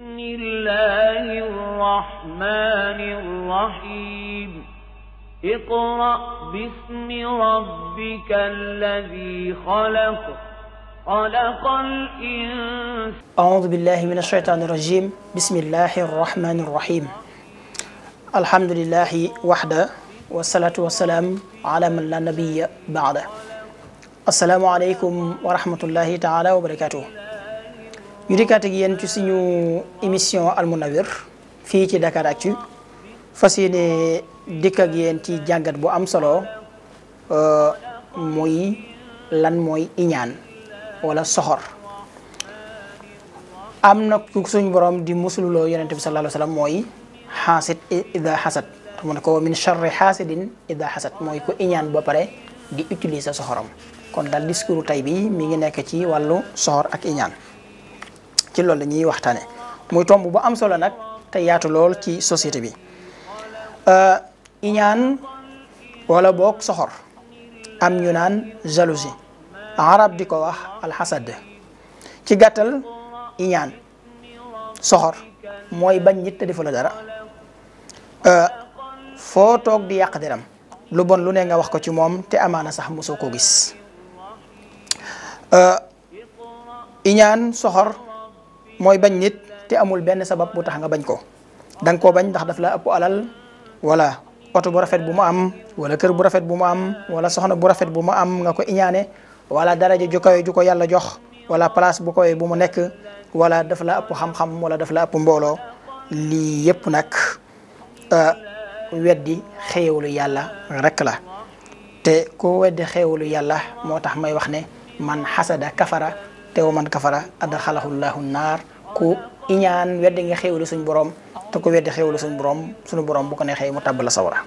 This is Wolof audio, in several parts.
بسم الله الرحمن الرحيم اقرأ باسم ربك الذي خلق خلق الإنسان أعوذ بالله من الشيطان الرجيم بسم الله الرحمن الرحيم الحمد لله وحده والصلاة والسلام على من لا نبي بعده السلام عليكم ورحمة الله تعالى وبركاته ñu dikkaat ak yéen ci suñu émission munawir fi ci dakar actu fas yéene dikk ak ci jangat bu am solo euh, moy lan moy iñan wala sohor am ku suñ borom di musululoo yonente bi sallallahu alaihi wasallam moy hasid ida hasad mon ko min sharri hasidin ida hasad moy ko iñan ba pare di utiliser sohoram kon dal discours tay bi mi ngi nek ci walu sohor ak iñan ci loolu la ñuy waxtaane muy tomb bu am solo nag te yaatu lool ci société bi euh, iñaan wala boog soxor am ñu naan jalousie arab di ko wax alxasad ci gàttal iñaan soxor mooy bañ nit te defu dara euh, foo toog di yàq deram lu bon lu ne nga wax ko ci moom te amaana sax mosoo ko gis euh, iñaan soxor mooy bañ nit te amul benn sabab bu tax nga bañ ko da nga koo bañ ndax daf la app alal wala oto bu rafet bu mu am wala kër bu rafet bu mu am wala soxna bu rafet bu mu am nga ko iñaane wala daraja ju kawe ju ko yàlla jox wala place bu kawe bu mu nekk wala daf la ëpp xam-xam wala daf la ëpp mbooloo lii yëpp nag euh, weddi xéewalu yàlla rek la te ku weddi xéewalu yàlla moo tax may wax ne man xasada kafara te wa man kafara adxalahullahu naar ku iñaan weddi nga xéewlu suñ borom te ku weddi xéewlu suñ borom suñu borom bu ko neexee mu tàbb la sawara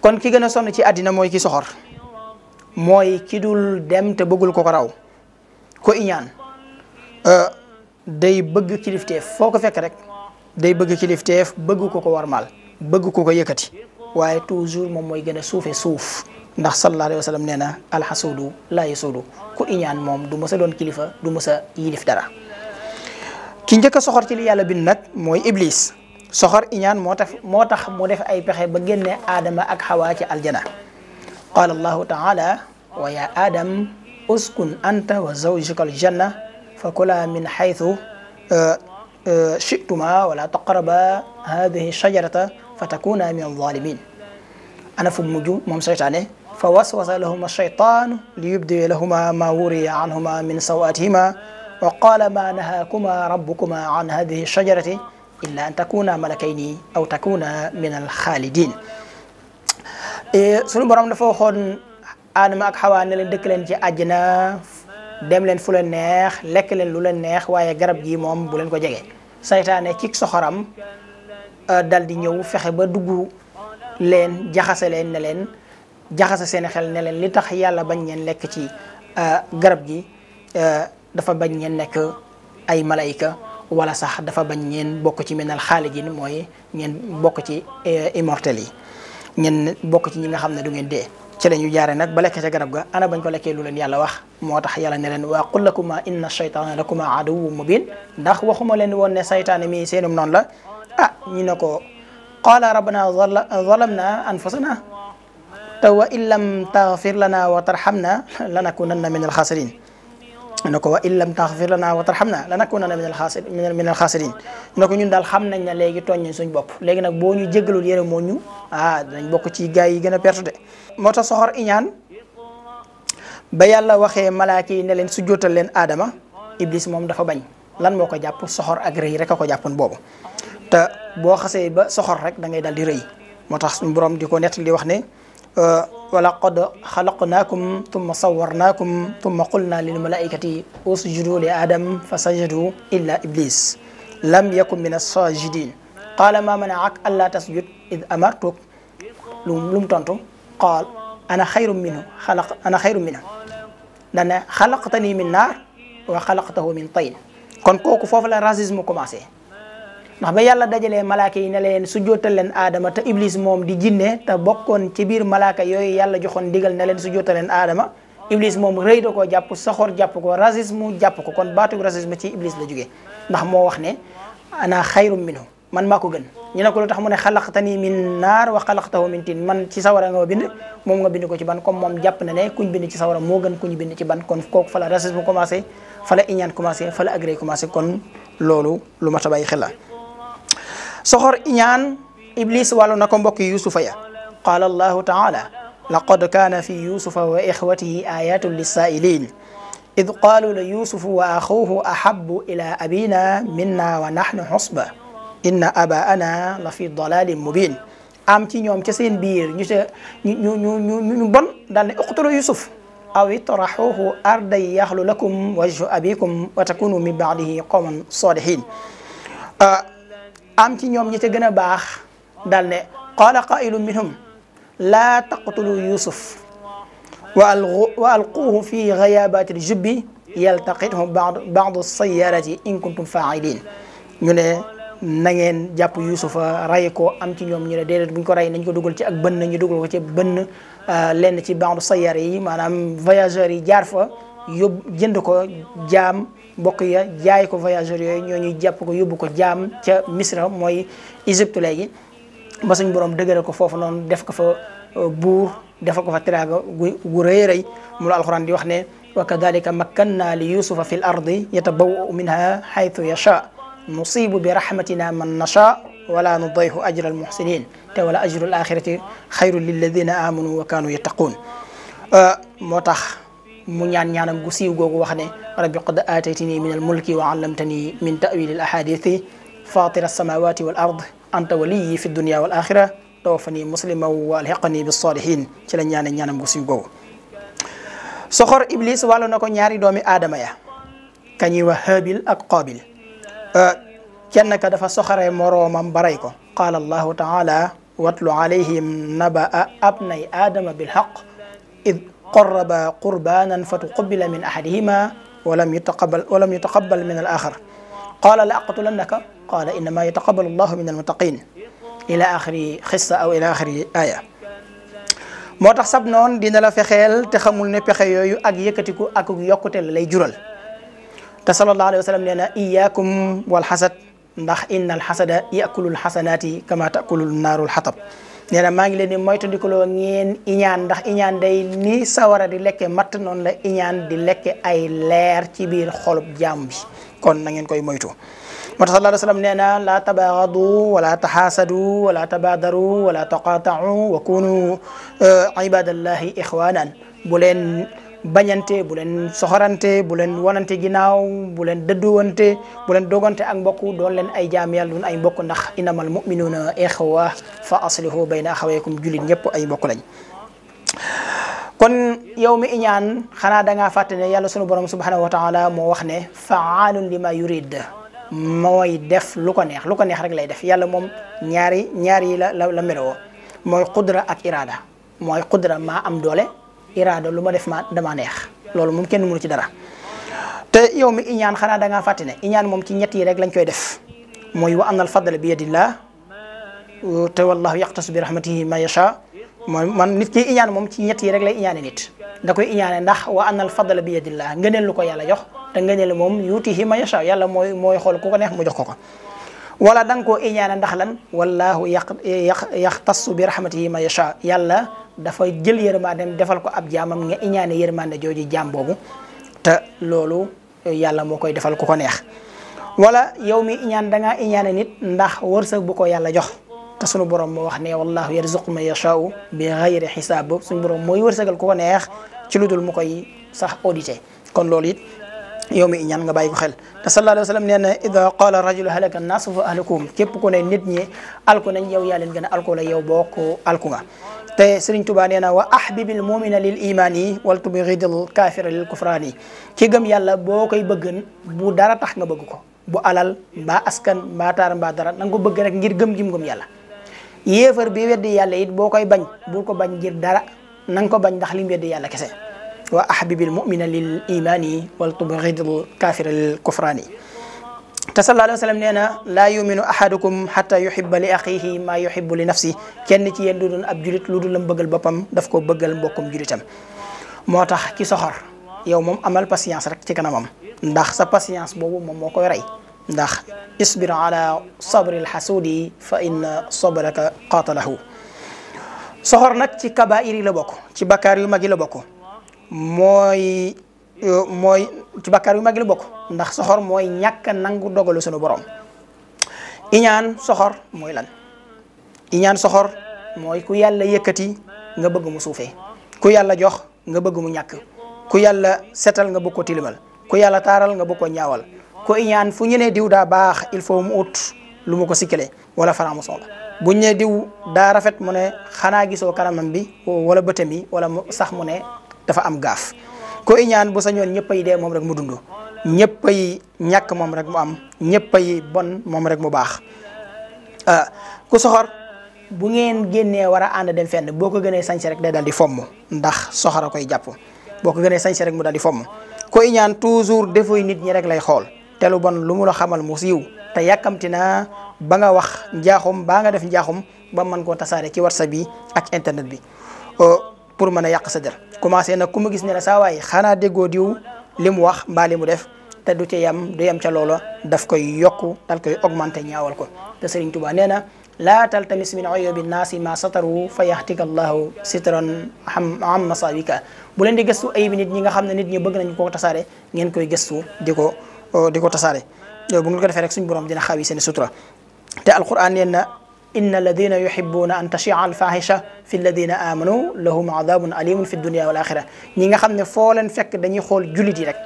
kon ki gën a sonn ci àddina mooy ki soxor mooy ki dul dem te bëggul ko ko raw ko iñaan euh, day bëgg kilifteef foo ko fekk rek day bëgg kilifteef bëgg ko ko warmaal bëgg ko ko yëkkati waaye toujours moom mooy gën a suufe suuf ndax sallallahu alayhi wasallam neena al na la laa ku iñaan mom du mës don kilifa du mës yilif dara ki njëkk soxor ci li yàlla bin nak moy iblis soxor iñaan motax motax moo mu def ay pexe ba génne aadama ak hawa ci aljana qala allah taala wa ya adam uskun anta wa zawjuka aljanna fa kula min xaythu شئتما ولا تقربا هذه الشجرة فتكونا من الظالمين أنا في مجو مم سيتاني فوسوس لهما الشيطان ليبدي لهما ما وري عنهما من سوآتهما وقال ما نهاكما ربكما عن هذه الشجرة إلا أن تكونا ملكين أو تكونا من الخالدين سلو برام نفوخون أنا ماك حوان لن دكلن جي أجنا دم لن فلن نيخ لك لن لن نيخ وايا غرب جي موم بولن كو جيجي سيطاني كيك سخرام دال دي نيو فخي با لن جخس لن لن jaxase seen xel ne leen li tax yàlla bañ ngeen lekk ci garab gi dafa bañ ngeen nekk ay malaika wala sax dafa bañ ngeen bokk ci menal xaalidin mooy ngeen bokk ci immortel yi ngeen bokk ci ñi nga xam ne du ngeen dee ci lañu ñu jaare nag ba lekk ca garab ga ana bañ ko lekkee lu leen yàlla wax moo tax yàlla ne leen waa qul lakuma inna shaytana lakuma aduwu mubin ndax waxuma leen woon ne saytaane mi seenum noonu la ah ñu ne ko qaala rabbana zalamna anfusana wa illam taghfir lana wa tarhamna lanakunanna minal khasirin nako wa illam taghfir lana wa tarhamna lanakunanna minal khasirin minal khasirin ne ko ñun daal xam nañ ne léegi tooñ nañ suñ bop legi nak ñu ah dañ bokk ci gaay yi gëna perdu perte de mota soxor iñan ba yalla waxé malaaki ne len sujootal len adama iblis mom dafa bañ lan moko japp soxor ak reey rek ko jappun bobu te bo xasse ba soxor rek da ngay dal di reey motax borom di netti wax ne آه، ولقد خلقناكم ثم صورناكم ثم قلنا للملائكة اسجدوا لآدم فسجدوا إلا إبليس لم يكن من الساجدين قال ما منعك ألا تسجد إذ أمرتك لم تنتم قال أنا خير منه خلق أنا خير منه لأن خلقتني من نار وخلقته من طين كون كوكو فوف لا كوماسي ndax ba yàlla dajalee malaaka ne leen su jootal leen aadama te iblis moom di jinne te bokkoon biir malaaka yooyu yàlla joxoon digal ne leen su jootal leen aadama iblis moom rëy da koo jàpp saxoor jàpp ko racisme jàpp ko kon baatu racisme ci iblis la jógee ndax moo wax ne ana xayrum minhu man maa ko gën ñu ne ko lu tax mu ne xalaqtani min naar wa xalaqtahu min tin man ci sawara nga bind moom nga bind ko ci ban comme moom jàpp na ne kuñ bind ci sawara moo gën kuñ bind ci ban kon kooku fa la racisme commencé fa la iñaan commencé fala la agré commencé kon loolu lu ma a bàyyi xel la soxor iñaan iblis wàllu na ko mbokki yusufa ya qaala allahu taala laqad kaana fi yusufa wa ixwatihi ayatun lissaa'ilin id qaalu li yusufu wa axuuhu ahabu ila abina minna wa nahnu xusba inna abaana la fi dalalin mubin am ci ñoom ca seen biir ñu ca ñu ñu ñu bon daal ne uqtulu yusuf aw itraxuuhu arday yaxlu lakum wajhu abikum wa takunu min baadihi qawman salihin am ci ñom ñi ci gëna bax dal ne qala qa'ilun minhum la taqtulu yusuf wa alquhu fi ghayabatil jubbi yaltaqithu ba'd ba'd as sayyarati in kuntum fa'ilin ñu ne na ngeen jàpp yusufa ray ko am ci ñom ñu ne déedéet buñ ko ray nañ ko duggal ci ak ben ñu duggal ko ci ben lenn ci ba'du sayyar yi manam voyageur yi jaar fa yob jënd ko jaam bokk jaay ko voyageur yoy ñoo jàpp ko yóbbu ko jam ca misra moy égypte léegi ba suñ borom dëgëral ko fofu non def ko fa bour def ko fa traga gu reey reey mu lo alcorane di wax ne wa kadhalika makkanna li yusufa fi ardi yatabawwa minha haythu yasha nusibu bi rahmatina man nasha ولا nudayhu أجر المحسنين muhsinin أجر الآخرة خير للذين آمنوا وكانوا يتقون amanu wa mu ñaan ñaanam gu siiw googu wax ne rabbi qad aataytini min almulki wa allamtani min tawili alahadithi fatira alsamawati wal ard anta waliyi fi dunia wal axira tawaffani muslima wa alhiqani bisalihin ci la ñaane ñaanam gu siiw soxor iblis wàllu nako ko ñaari doomi aadama ya wa wax habil ak qabil euh, kenn dafa soxore moroomam baray ko qaala allahu taala watlu alayhim nabaa abnay aadama bilhaq id قرب قربانا فتقبل من أحدهما ولم يتقبل ولم يتقبل من الآخر قال لأقتلنك قال إنما يتقبل الله من المتقين إلى آخر قصة أو إلى آخر آية moo tax sab noon dina la fexeel te xamul ne pexe yooyu ak yëkkatiku ak yokkute la lay jural te sallallahu alayhi wa sallam nee na iyaakum wal xasad ndax inna alxasada yakulul xasanaati kama takulul naarul xatab nee na maa ngi leen di moytandikuloo ngeen iñaan ndax iñaan day ni sawara di lekke matt noonu la iñaan di lekke ay leer ci biir xolub jaam bi kon na ngeen koy moytu moo tax sallallahu alayhi wa sallam na laa tabaagadu wala taxaasadu wala tabaadaru wala taqaatau wa kunu euh, ibadallahi ixwanan bu leen bañante bu leen soxorante bu leen wonante ginnaaw bu leen dëdduwante bu leen dogante ak mbokk doon leen ay jaam yàlla doon ay mbokk ndax inamal muminuuna ixwa fa aslihu bayna axawaykum jullit ñëpp ay mbokk lañ kon yow mi iñaan xanaa dangaa fàtte ne yàlla sunu borom subhanahu wa taala moo wax ne faalun lima yurid mooy def lu ko neex lu ko neex rek lay def yàlla moom ñaari ñaari la la mooy qudra ak irada mooy qudra maa am doole irada luma def ma dama neex lolou moom kenn mënu ci dara te yow mi iñan xana da nga fatine iñan mom ci ñet yi rek lañ koy def moy wa anal fadl bi yadillah te wallahu yaqtas bi rahmatihi ma yasha man nit ki iñan mom ci ñet yi rek lay iñane nit da koy iñane ndax wa anal fadl bi yadillah ngeenel lu ko yàlla jox te ngeenel mom yutihi ma yasha yàlla moy moy xol ku ko neex mu jox ko ko wala da nga koo iñaane ndax lan wallahu yaq yaxtassu bi rahmatihi ma yasha yàlla dafa jël yërmandem defal ko ab jaamam nga iñaane yërmande jooju jaam boobu te loolu yàlla moo koy defal ku ko neex wala yow mi iñaan da ngaa iñaane nit ndax wërsëg bu ko yàlla jox te sunu borom moo wax ne wallahu yarzuqu man yashaau bi xayri xisaab boobu suñu borom mooy wërsëgal ku ko neex ci lu dul mu koy sax audité kon loolu it يومي ينان غباي كو خيل صلى الله عليه وسلم نينا اذا قال الرجل هلك الناس فاهلكم كيب كو ني نيت ني الكو نان ياو يالين غن الكو لا ياو بوكو الكوغا تي سيرن توبا نينا واحبب المؤمن للايمان والتبغض الكافر للكفران كي غم يالا بوكاي بغن بو دارا تخ نغ بغكو بو علال با اسكن با تار با دارا نغ بغ رك غير غم جيم غم يالا يفر بي ويد يالا يت بوكاي باج بو كو باج غير دارا نغ كو باج داخ لي ويد يالا كسه وأحبب المؤمن للإيمان والتبغض الكافر الكفراني تسلى الله عليه وسلم لنا لا يؤمن أحدكم حتى يحب لأخيه ما يحب لنفسه كأن تي يندون أبجلت لودلم بغل بابم دفكو بغل بوكم جلتم موتاح كي سخر يوم أمل بسيانس رك تيكنا مم ndax sa patience bobu mom moko ray ndax isbir ala sabr al hasud fa in sabraka qatalahu sohor nak ci kabair la bokko ci Moy, euh, moy ci bakkar yu mag la bokk ndax soxor moy ñak nangu dogalu suñu borom iñaan soxor moy lan iñaan soxor moy ku yalla yëkëti nga bëgg mu suufé ku yalla jox nga bëgg mu ñak ku yalla sétal nga bëgg ko tilimal ku yalla taral nga bëgg ko ñaawal ku iñaan fu ñëne diw da baax il faut mu ut lu mu ko sikélé wala franc-maçon la buñ diw da rafet mu ne xana gisoo karamam bi wala bëtam wala sax mu ne dafa am gaf. ko iñaan bu sañoon ñëppay dé mom rek mu dund ñëppay ñak mom rek mu am ñëppay bon mom rek mu baax ah, ku soxor bu ngeen anda wara and dem fenn boko gëné gënee rek day daal di fomm ndax soxara koy japp boko gëné gënee rek mu daal di fomm ko iñaan toujours defoy nit ñi rek lay xol té lu bon lu mu la xamal mu siiw té yakamtina ba nga wax njaaxum ba nga def njaaxum ba man ko tassaré ci whatsapp bi ak internet bi oh, pour mën a yàq sa der commencé nag ku mu gis ne la saa waay xanaa déggoo diw li mu wax mbaa li mu def te du ci yem du yem ca loola daf koy yokku dal koy augmenté ñaawal ko te Sëriñ Tuubaa nee na laa taltamis min uyubi naasi ma sataru fa yaxtika sitran am masawika bu leen di gëstu ayibi nit ñi nga xam ne nit ñi bëgg nañ ko tasaare ngeen koy gëstu di ko di ko bu ngeen ko defee rek suñu borom dina xawi seen sutura te alquran nee إن الذين يحبون أن تشيع الفاحشة في الذين آمنوا لهم عذاب أليم في الدنيا والآخرة نيغا خامني فولن فك داني خول جولي دي رك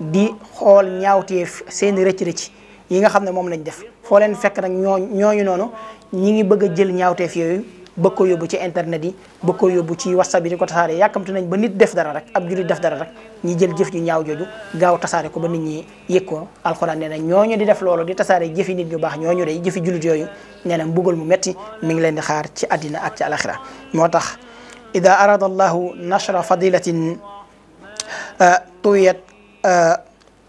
دي خول نياوتي سين ريتي ريتي ييغا خامني موم لاني ديف فولن فك رك نيو نونو نيغي بيغا جيل نياوتي فيوي bëgg yóbbu ci internet yi bëgg yóbbu ci whatsapp yi di ko tasaare yàkkamti nañ ba nit def dara rek ab jullit def dara rek ñi jël jëf ju ñaaw jooju gaaw tasaare ko ba nit ñi yëg ko alxuraan nee na ñooñu di def loolu di tasaare jëfi nit ñu baax ñooñu day jëfi jullit yooyu nee na mbugal mu metti mi ngi leen di xaar ci àddina ak ci alaxira moo tax ida arada allahu nashra fadilatin uh, tuyat uh,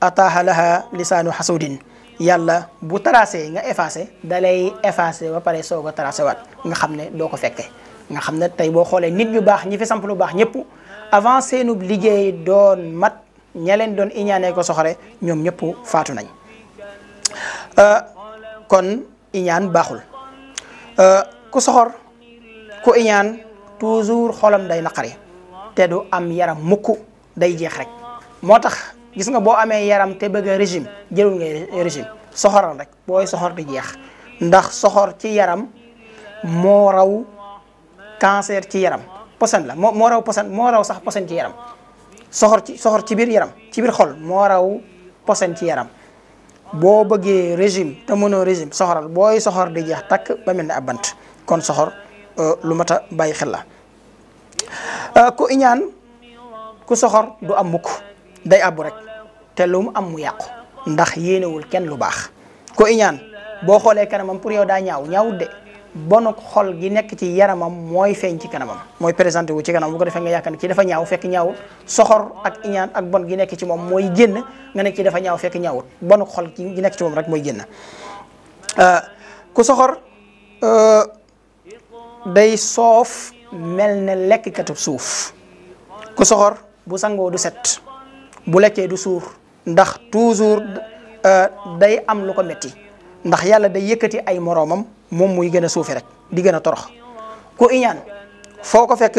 ataaha laha lisaanu xasudin yàlla bu tracé nga effacé dalay effacé ba pare soog a tracé waat nga xam ne doo ko fekkee nga xam ne tey boo xoolee nit ñu baax ñi fi samp lu baax ñëpp avant seenub liggéey doon mat ña leen doon iñaanee ko rek ñoom ñëpp faatu nañ euh, kon iñaan baaxul euh, ku soxor ku iñaan toujours xolam day naqari te du am yaram mukk day jeex rek moo tax gis nga boo amee yaram te bëgg a régime jëlul ngay régime soxoral rek booy soxor di jeex ndax soxor ci yaram moo raw cancer ci yaram posan la moo moo raw moo raw sax posan ci yaram soxor ci soxor ci biir yaram ci biir xol moo raw posan ci yaram boo bëggee régime te mënoo régime soxoral booy soxor di jeex takk ba mel ne ab bant kon soxor euh, lu mat a bàyyi xel la euh, ku iñaan ku soxor du am mukk day àbbu rek te lu mu am mu yaq ndax wul kenn lu bax ko iñan bo xoolee kanamam pour yow da ñaaw ñaaw de bonok xol gi nek ci yaramam moy feñ ci kanamam moy présenté wu ci kanam bu ko defé nga yakane ci dafa ñaaw fekk ñaaw soxor ak iñan ak bon gi nek ci mom moy genn nga nek ci dafa ñaaw fekk ñaawut bonok xol gi nek ci mom rek genn euh ku soxor euh, day sof mel lek lekk katub suuf ku soxor bu sango du set bu lekkee du suur ndax toujours euh, day am lu ko metti ndax yàlla day yëkkati ay moroomam moom muy gën a suufi rek di gën a torox ku iñaan foo ko fekk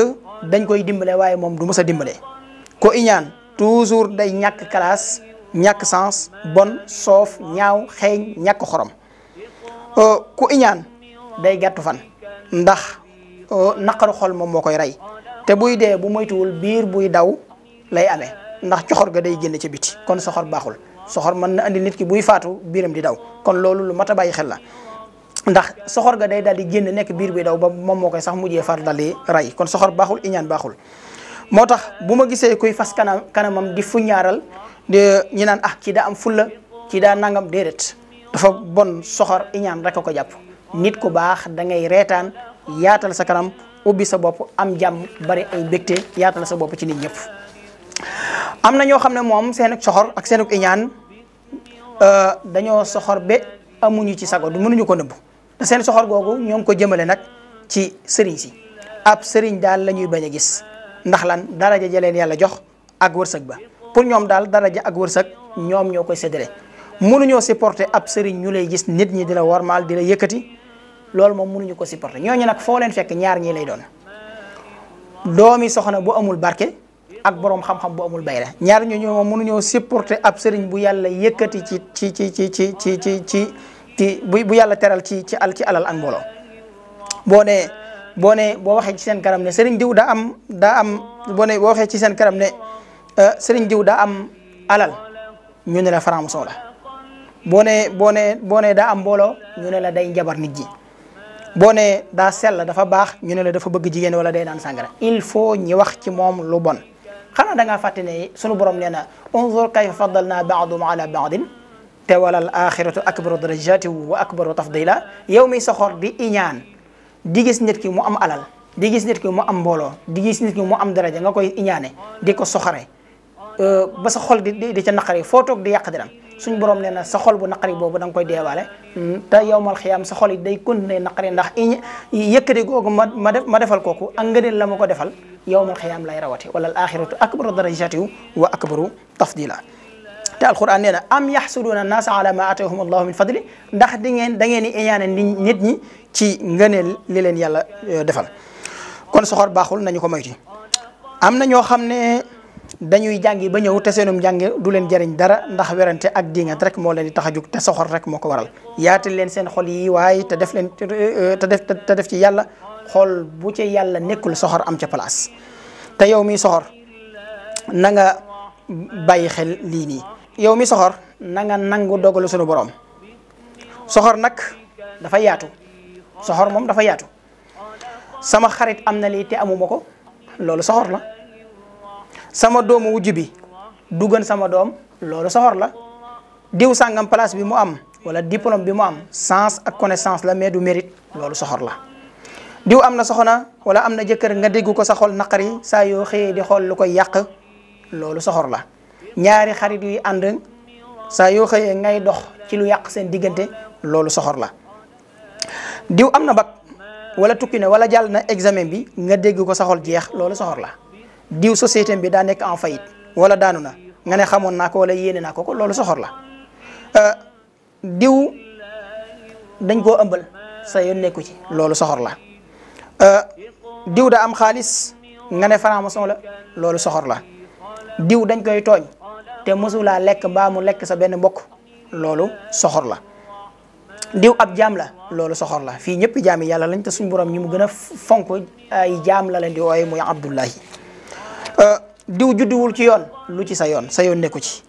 dañ koy dimbale waaye moom du mës a dimbale ku iñaan jours day ñàkk classe ñàkk sens bon soof ñaaw xeeñ ñàkk xorom euh, ku iñaan day gàttu fan ndax euh, naqaru xol moom moo koy rey te buy dee bu moytuwul biir buy daw lay amee ndax coxor ga day genn ci biti kon soxor baaxul soxor man na andi nit ki buy faatu biram di daw kon lolu lu mata baye xel la ndax soxor ga day daal di génn nekk bir bi daw ba mom mo koy sax mujjé far daal di kon soxor baaxul iñaan baaxul moo buma bu ma fas kanam kanamam di fu ñaaral di ñi nan ah ki da am fulla ki da nangam dedet dafa bon soxor iñan rek ko japp nit ku bax da ngay reetaan yaatal sa kanam ubi sa bop am jam bari ay mbégte yaatal sa bop ci nit ñepp am na ñoo xam ne moom seen soxor ak seen iñaan euh, dañoo soxor ba amuñu ci sago du mënuñu ko nëbb te seen soxor googu ñoo ngi ko jëmale nag ci sëriñ si ab sëriñ daal la ñuy bañ a gis ndax lan daraja jëleen yàlla jox ak wërsëg ba pour ñoom daal daraja ak wërsëg ñoom ñoo koy seddale séddale mënuñoo supporter ab sëriñ ñu lay gis nit ñi di la wormaal di la yëkkati loolu moom mënuñu ko supporter ñooñu nag foo leen fekk ñaar ñi lay doon doomi soxna bu amul barke ak boroom xam-xam bu amul bay la ñaar ñooñu moom mënuñoo supporter ab sëriñ bu yàlla yëkkati ci ci ci ci ci ci ci ci ci bu yàlla teral ci ci al alal ak mbooloo boo nee boo nee boo waxee ci seen kanam ne sëriñ diw daa am daa am boo nee boo waxee ci seen karam ne euh, sëriñ diw daa am alal ñu ne la franc-maçon boo nee boo nee boo nee daa am mbooloo ñu ne la day njabar nit ji boo nee daa sell dafa baax ñu ne la dafa bëgg jigéen wala day daan sàngara il faut ñi wax ci moom lu bon خانا دا فاتني سونو بروم نينا انظر كيف فضلنا بعضهم على بعض تولى الآخرة أكبر درجات وأكبر تفضيلا يومي سخور دي إنيان دي جيس نيت كي مو أم ألال دي جيس نيت كي مو أم بولو دي جيس نيت كي مو أم درجة نغا كوي إنياني دي كو سخري أه بس خول دي دي, دي, دي نقري فوتوك دي يقدرم suñ borom neena sa xol bu naqari bobu dang koy déwalé ta yowmal khiyam sa xol yi day né naqari ndax iñ yëkkati ma def ma defal koku ak ngëneel la ma ko defal yowmal khiyam lay rawati wala al akhiratu akbaru darajati wa akbaru tafdila ta al qur'an neena am yaxsuduuna naasa ala ma atahum allah min fadli ndax di ngeen da ngeen di nit ñi ci ngëneel li leen yàlla defal kon soxor baxul nañu ko moyti amna ño xamne dañuy jàngi ba ñëw te seenum jànge du leen jariñ dara ndax werante ak dingat rek moo leen di tax a jug te soxor rek moo ko waral yaatal leen seen xol yi waaye te def leen te def def ci yàlla xol bu ci yàlla nekkul soxor am ca place te yow mi soxor nanga nga bàyyi xel lii nii yow mi soxor nanga nga nangu dogalu sunu borom soxor nag dafa yaatu soxor moom dafa yaatu sama xarit am na lii te amuma ko loolu soxor la sama doomu wujj bi du sama doom loolu soxor la diw sàngam place bi mu am wala diplôme bi mu am sens ak connaissance la mais du mérite loolu soxor la diw am na soxna wala am na jëkkër nga dégg ko sa naqari saa yoo xëyee di xool lu koy yàq loolu soxor la ñaari xarit yuy ànd saa yoo xëyee ngay dox ci lu yàq seen diggante loolu soxor la diw am na bac wala tukki ne wala jàll na examen bi nga dégg ko sa xol jeex loolu soxor la diw société bi daa nekk en faillite wala daanu na nga ne xamoon naa ko wala yéene naa ko ko loolu soxor la euh, diw dañ koo ëmbal sa yoon nekku ci loolu soxor la euh, diw daa am xaalis nga ne franc-maçon la loolu soxor la diw dañ koy tooñ te mosulaa lekk mbaa mu lekk sa benn mbokk loolu soxor la diw ab jaam la loolu soxor la fii ñëpp jaami yàlla lañ te suñ borom ñi mu gën a fonk ay jaam la leen di wooye muy Abdullahi Euh, diw judduwul ci yoon lu ci sa yoon sa yoon nekku ci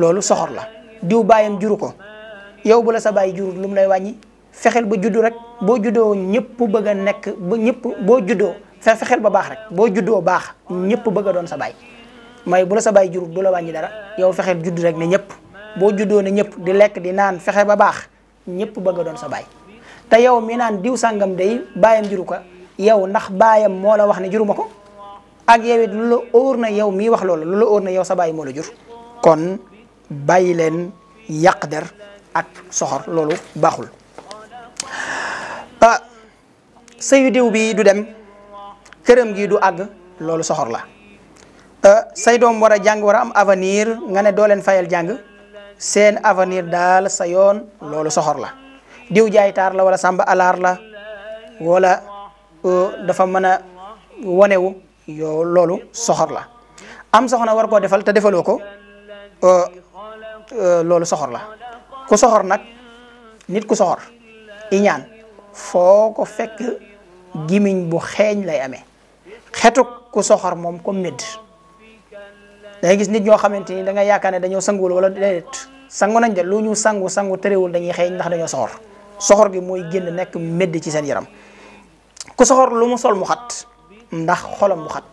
loolu soxor la diw baayam juru ko yow bu la sa bàyyi jurul lu mu lay wàññi fexeel ba juddu rek boo juddoo ñëpp bëgg nekk ba ñëpp boo juddoo fe fexeel ba baax rek boo juddoo baax ñëpp bëgg a doon sa bàyyi may bu la sa baay jurul du la wàññi dara yow fexeel juddu rek ne ñëpp boo juddoo ne ñëpp di lekk di naan fexe ba baax ñëpp bëgg a doon sa baay te yow mi naan diw sàngam day baayam juru ko yow ndax baayam moo la wax ne juruma ko ak yow it lu la yow mi wax lolu lolu orna yow sa mo la jur kon bàyyi len yàq ak soxor lolu baxul ah ubi diw bi du dem kërëm gi du ag lolu soxor la ah, say dom wara jang wara am avenir nga ne doo fayal jang sen avenir dal sa yon lolu soxor la diw jay tar la wala samba alar la wala euh, dafa mën wonewu yow loolu soxor la am soxna war koo defal te defaloo ko euh, euh, loolu soxor la ku soxor nag nit ku soxor iñaan foo ko fekk gimiñ bu xeeñ lay amee xetu ku soxor moom ko médd da gis nit ñoo xamante ni da nga yaakaar ne dañoo sanguwul wala déedéet sangu nañ de lu ñu sangu sangu terewul dañuy xeeñ ndax dañoo soxor soxor gi mooy génn nekk médd ci seen yaram ku soxor lu mu sol mu xat ndax xolam bu xat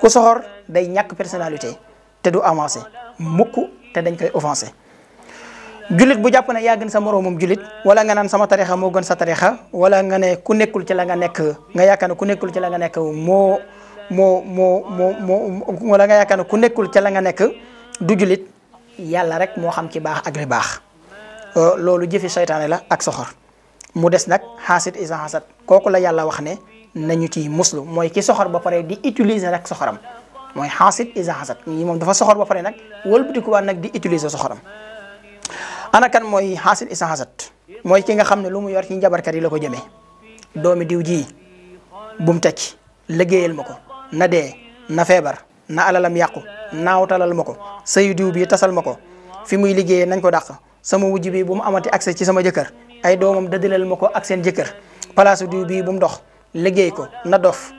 ku soxor day ñak personnalité té du avancé mukk té dañ koy offenser julit bu japp ne yaa gën sa mom julit wala nga nan sama tarixa mo gën sa tarixa wala nga ne ku nekkul ci la nga nek nga yaakaar ku nekkul ci la nga nekk mo mo mo mo mo wala nga yaakaar ku nekkul ci la nga nek du julit yalla rek mo xam ci bax ak li baax euh, lolu jëfi shaytané la ak soxor mu dess nak hasid iza hasad koku la yalla wax ne nañu ci muslu mooy ki soxor ba pare di utiliser rek soxoram mooy xaasit isa xasat ñi moom dafa soxor ba pare nag wëlbatikuwaat nag di utiliser soxoram ana kan mooy xaasit isa mooy ki nga xam ne lu mu yor ci njabarkat yi la ko jëmee doomi diw ji bu teg tekki liggéeyal ma ko na dee na feebar na alalam yàqu naawtalal ma ko sëyu diw bi tasal ma ko fi muy liggéeyee nañ ko dàq sama wujj bi bu mu amati accès ci sama jëkkër ay doomam dadilal ma ko ak seen jëkkër palaasu diw bii bu mu dox liggéey ko na dof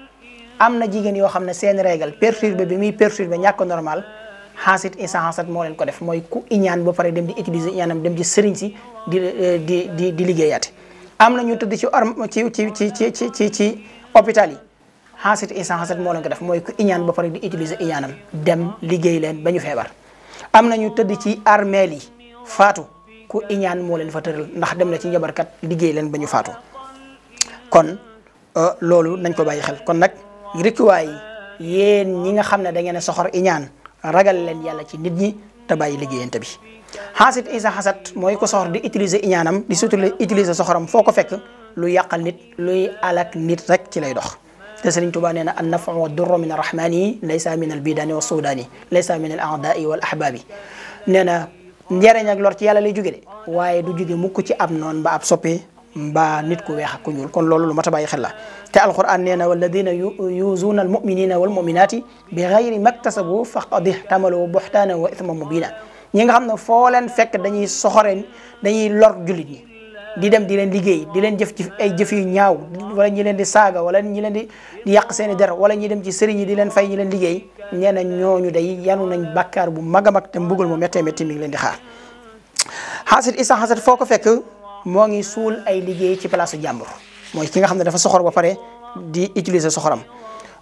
am na jigéen yoo xam ne seen régal perturbé bi muy perturbé ñàkk normal xaasit isa xaasat moo leen ko def mooy ku iñaan ba pare dem di utiliser iñaanam dem ci sëriñ si di eh, di di di liggéeyaate am na ñu tëdd ci arm ci ci ci ci ci ci ci hôpital yi xaasit isa xaasat moo ko def mooy ku iñaan ba pare di utiliser iñaanam dem liggéey leen ba ñu feebar am na ñu tëdd ci armeel yi faatu ku iñaan moo leen fa tëral ndax dem na ci njabarkat liggéey leen ba ñu faatu kon Euh, loolu nañ ko bàyyi xel kon nag rikkuwaay yi yéen ñi nga xam ne da ngeen soxor iñaan ragal leen yàlla ci nit ñi te bàyyi liggéeyante bi xaasit isa xasat mooy ko soxor di utiliser iñaanam di surtout utiliser soxoram foo ko fekk lu yàqal nit luy alak nit rek ci lay dox te Sëriñ Tuubaa nee na an nafu wa durru min arrahmani laysa min al bidaani wa suudaani laysa min al aadaai wal ahbaabi nee na njëriñ ak lor ci yàlla lay jóge de waaye du jóge mukk ci ab noon ba ab mbaa nit ku weex ak ku ñuul kon loolu lu mat a bàyyi xel la te alquran nee na walladina yuzuuna almuminina walmuminati bi gayri maktasabu faqad ihtamalu buxtaana wa ithma mubina ñi nga xam ne foo leen fekk dañuy soxoreen dañuy lor jullit ñi di dem di leen liggéey di leen jef ci ay jëf yu ñaaw wala ñi leen di saaga wala ñi leen di yàq seen i der wala ñi dem ci sëriñ yi di leen fay ñi leen liggéey nee na ñooñu day yanu nañ bàkkaar bu mag a mag te mbugal mu méttee métti mi ngi leen di xaar moo ngi suul ay liggéey ci place jàmbur mooy ki nga xam ne dafa soxor ba pare di utiliser soxoram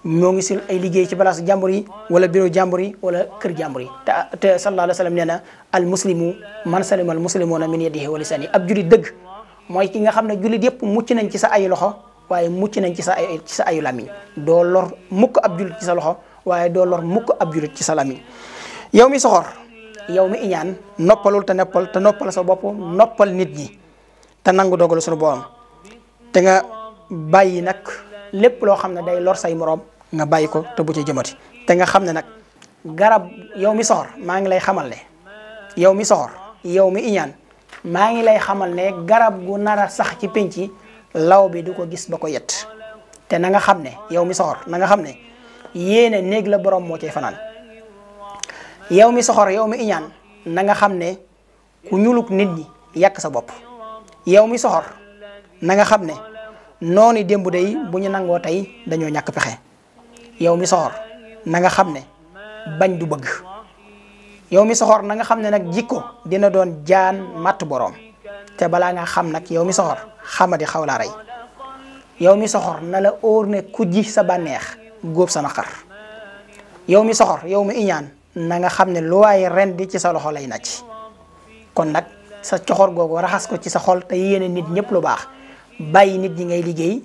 moo ngi suul ay liggéey ci place jàmbur yi wala bureau jàmbur yi wala kër jàmbur yi te te sallallahu alayhi wa nee na al muslimu man salima al muslimuna min yadihi wa lisani ab julit dëgg mooy ki nga xam ne julit yëpp mucc nañ ci sa ayu loxo waaye mucc nañ ci sa ay ci sa ayu lamiñ doo lor mukk ab julit ci sa loxo waaye doo lor mukk ab julit ci sa lamiñ yow mi soxor yow mi iñaan noppalul te noppal te noppal sa bopp noppal nit ñi té nangou dogal suñu borom té nga bayyi nak lepp lo xamné day lor say morom nga bàyyi ko te bu ci jëmati té nga xamné nak garab yow mi sor ma ngi lay xamal né yow mi sor yow mi iñan ma ngi lay xamal ne garab gu nara sax ci pinci law bi du ko gis bako yett yet na nga xamné yow mi sor na nga xamné yéene la borom mo cey fanan yow mi sor yow mi iñan na nga xamné ku ñuluk nit ñi yak sa bop yow mi soxor nanga xam ne noonu démb dey bu ñu nangoo tey dañoo ñàkk pexe yow mi soxor na nga xam ne bañ du bëgg yow mi soxoor na nga xam ne nag jikko dina doon jaan matt boroom te balaa nga xam nag yow mi soxor xamadi xaw laa rey yow mi soxor nala la óor ne ku ji sa bànneex góob sa naqar yow mi soxor yow mi iñaan na nga xam ne lu waaye ren di ci sa loxo lay nacc kon nag sa coxor googu raxas ko ci sa xol te yéene nit ñëpp lu baax bàyyi nit ñi ngay liggéey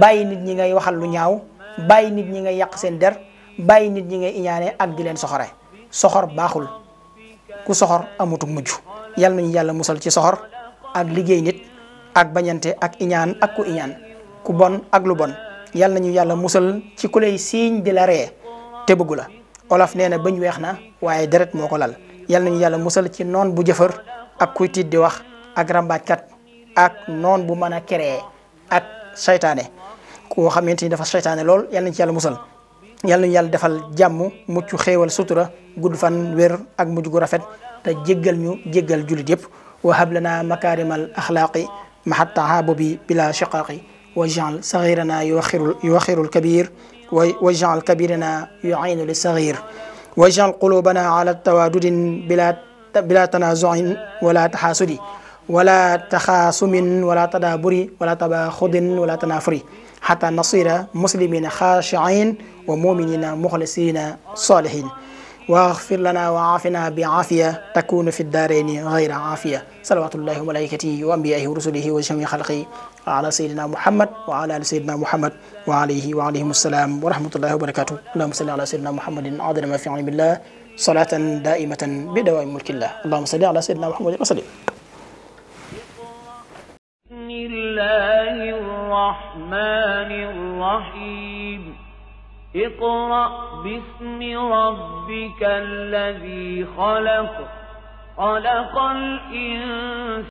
bàyyi nit ñi ngay waxal lu ñaaw bàyyi nit ñi ngay yàq seen der bàyyi nit ñi ngay iñaane ak di leen soxore soxor baaxul ku soxor amutuk mujj yal nañu yàlla musal ci soxor ak liggéey nit ak bañante ak iñaan ak ku iñaan ku bon ak lu bon yal nañu yàlla musal ci ku lay siiñ di la ree te bëggu la olof nee na bañ weex na waaye deret moo ko lal yal nañu yàlla musal ci noon bu jëfër ak kuy tiit di wax ak rambaajkat ak noon bu mën a créer ak seytaane koo xamante ni dafa seytaane lool yal nañ ci yàlla musal yal nañu yàlla defal jàmm mucc xéewal sutura gudd fan wér ak mujj gu rafet te jéggal ñu jéggal jullit yëpp wa hab lana makaarimal axlaaqi maxa tahaabubi bila shiqaaqi واجعل صغيرنا يوخر يوخر الكبير واجعل كبيرنا يعين للصغير واجعل قلوبنا على تواجد بلا بلا تنازع ولا تحاسد ولا تخاصم ولا تدابر ولا تباخد ولا تنافر حتى نصير مسلمين خاشعين ومؤمنين مخلصين صالحين واغفر لنا وعافنا بعافية تكون في الدارين غير عافية صلوات الله وملائكته وأنبيائه ورسله وجميع خلقه على سيدنا محمد وعلى آل سيدنا محمد وعليه وعليهم السلام ورحمة الله وبركاته اللهم صل على سيدنا محمد عظم ما في علم الله صلاة دائمة بدوام ملك الله اللهم صل على سيدنا محمد وصلي بسم الله الرحمن الرحيم اقرأ باسم ربك الذي خلق خلق الإنسان